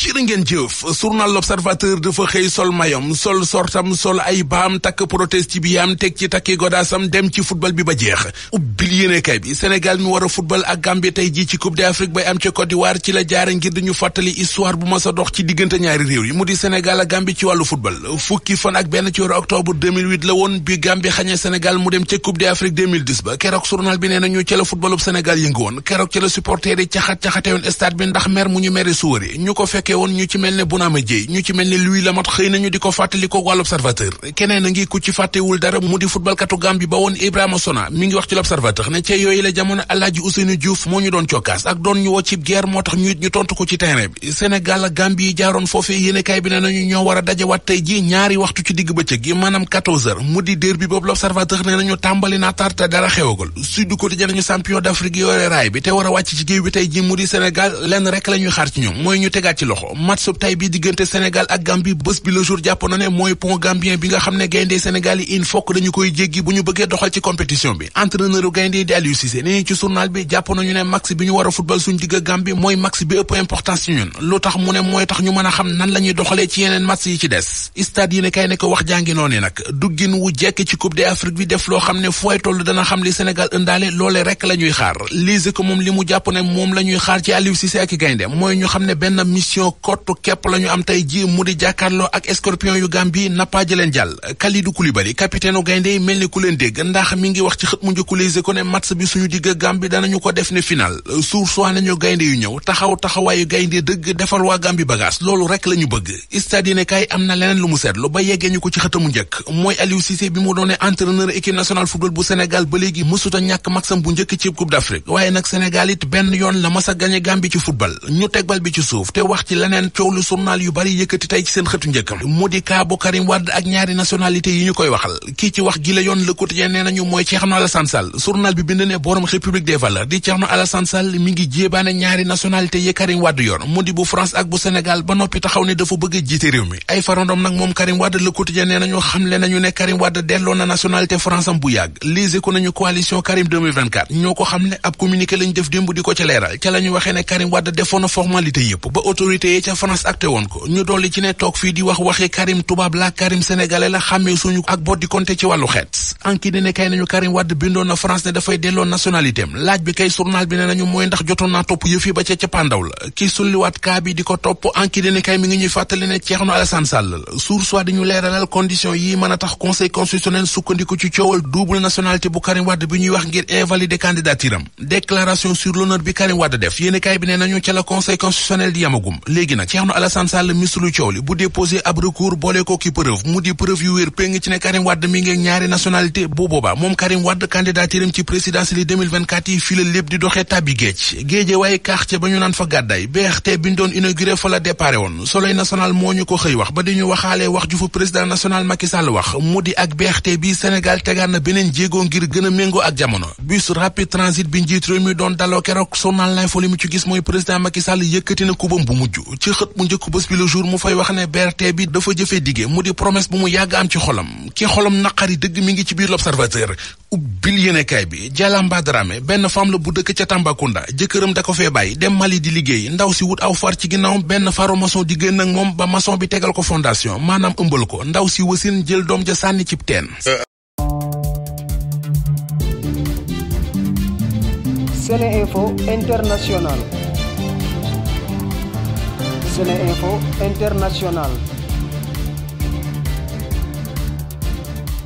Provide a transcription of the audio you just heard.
jërë ngeen jëf journal l'observateur dafa xëy sol mayom sol sortam sol ay baam takk protest ci bi yaam teg ci takki godaasam dem ci football bi ba jeex ubbil yéenekaay bi Sénégal mi war a football ak Gambie tey jii ci Coupe d'Afrique bay am ca Côte d'Ivoire ci la jaare ngir dañu fàttali histoire bu mas a dox ci diggante ñaari réew yi mu di Sénégal ak Gambie ci wàllu football fukki fan ak benn ci weeru octobre la woon bi Gambie xañee Sénégal mu dem ca Coupe d'Afrique woon ñu ci mel ne Bounama Dièye ñu ci mel ne Louis Lamothe xëy nañu di ko fàttali ko wàll observateur keneen a ngi ku ci fàttewul dara mu di footballkatu Gambie ba woon Ibrahima Sona mi ngi wax ci l'observateur ne ca yooyu la jamono Alaaji Ousseynou Diouf moo ñu doon cokkaas ak doon ñu woo cib moo tax ñu tontu ko ci terrain bi Sénégal ak Gambie yi jaaroon foofee yéenekaay bi ne nañu ñoo war a dajewaat tey ji ñaari waxtu ci digg bëccëg gi maanaam 14 heures mu di derby boobu l'observateur na tarta dara xewagul Sud Quotidien nañu champion d'Afrique yore raay bi te war a lenn rek la ñuy xaar ci ñoom mooy ñu tegaat ci loxo match sub tay bi diggante Sénégal ak Gambie bés bi le jour jàpp na ne mooy pont gambien bi nga xam ne gayndee Sénégal yi in fokk dañu koy jéggi bu ñu bëggee doxal ci compétition bi entraîneur gayndee di Aliou Cissé ci journal bi jàpp nañu ne match bi ñu war a football suñ Gambie mooy match bi ëpp importance ci ñun lu tax mu ne mooy tax ñu mën a xam nan la ñuy doxalee ci yeneen match yi ci des stade yi ne kay ne wax jàngi noonu nag duggin wu xam ne fooy toll dana xam li Sénégal ëndaale loolee rek li mu jàpp ne moom la ñuy xaar ci Aliou Cissé ak gaynde mooy ñu xam benn kottu képp la ñu am tey ji mu di jàkkaarloo ak scorpion yu Gambie nappaaji leen jàll Kalidou Koulibaly capitaine u gaynde yi mel ni ku leen dégg ndax mi ngi wax ci xët mu njëkku bi suñu digg Gambie danañu ko def ne final suur soi nañu gaynde yu ñëw taxaw taxawaayu gaynde dëgg defal waa Gambie bagage loolu rek la ñu bëgg stade yi ne kaay am na leneen lu mu seetlu ba yeggee ñu ko ci xëtamu njëkk mooy Aliou Cissé bi mu doone entraîneur équipe nationale a gagné Gambie ci football ñu teg bal bi ci suuf te wax ci leneen coow lu journal yu bari yëkkati tey ci seen xetu njëkkam mu di kaa bu Karim Wade ak ñaari nationalité yi ñu koy waxal kii ci wax gi la yoon Le Quotidien nee nañu mooy Thierno Alassane Sall journal bi bind ne borom République des valeurs di Thierno Alassane Sall mi ngi jéebaane ñaari nationalité yi Karim Wade yor mu di bu France ak bu Sénégal ba noppi taxaw ne dafa bëgg a jiite réew mi ay farandom nag moom Karim Wade Le Quotidien nee nañu xamle nañu ne Karim Wade delloo na nationalité France am bu yàgg lise ko nañu coalition Karim 2024 ñoo ko xam ne ab communiqué lañ def di ko ca leeral la ñu waxee ne Karim Wade defoon na formalité yëpp ba autorité autorité yi ca France woon ko ñu dolli ci ne toog fii di wax waxi Karim tubaab la Karim sénégalais la xàmmee suñu ak boddi konte ci wàllu xeet France anki dine kay nañu Karim bi ñuy condition yi mën a tax conseil constitutionnel sukkandiku ci coowal double nationalité bu Karim Wade bi wax ngir invalider candidature am déclaration sur l'honneur bi Karim Wade def yéeni kay bi ne nañu ca la conseil constitutionnel di yamagum léegi nag Ceerno Alassane Sall mislu coow li bu déposé ab recours boole ko mu di preuve yu wér péng ci ne Karim mi ngi ñaari nationalité personnalité bu boobaa moom Karim Wade candidature am ci présidentielle yi yi fii la lépp di doxee tàbbi géej géeje waaye quartier ba ñu naan fa gàddaay BRT bi ñu doon inauguré fa la déparé woon soleil national moo ñu ko xëy wax ba dañu waxaalee wax ju fa président national Macky wax mu di ak BRT bi Sénégal tegaat na beneen jéego ngir gën méngoo ak jamono bus rapide transit bi njiit réew mi doon daloo keroog journal l'info li mu ci gis mooy président ci biir l'observateur ubbil yéenekaay bi Jalamba Dramé benn femme la bu dëkk ca Tambacounda jëkkëram da ko fee dem Mali di liggéey ndaw si wut aw far ci ginnaawam benn faro maçon di génn ak moom ba maçon bi tegal ko fondation maanaam ëmbal ko ndaw si wasin jël doom ja sànni cib teen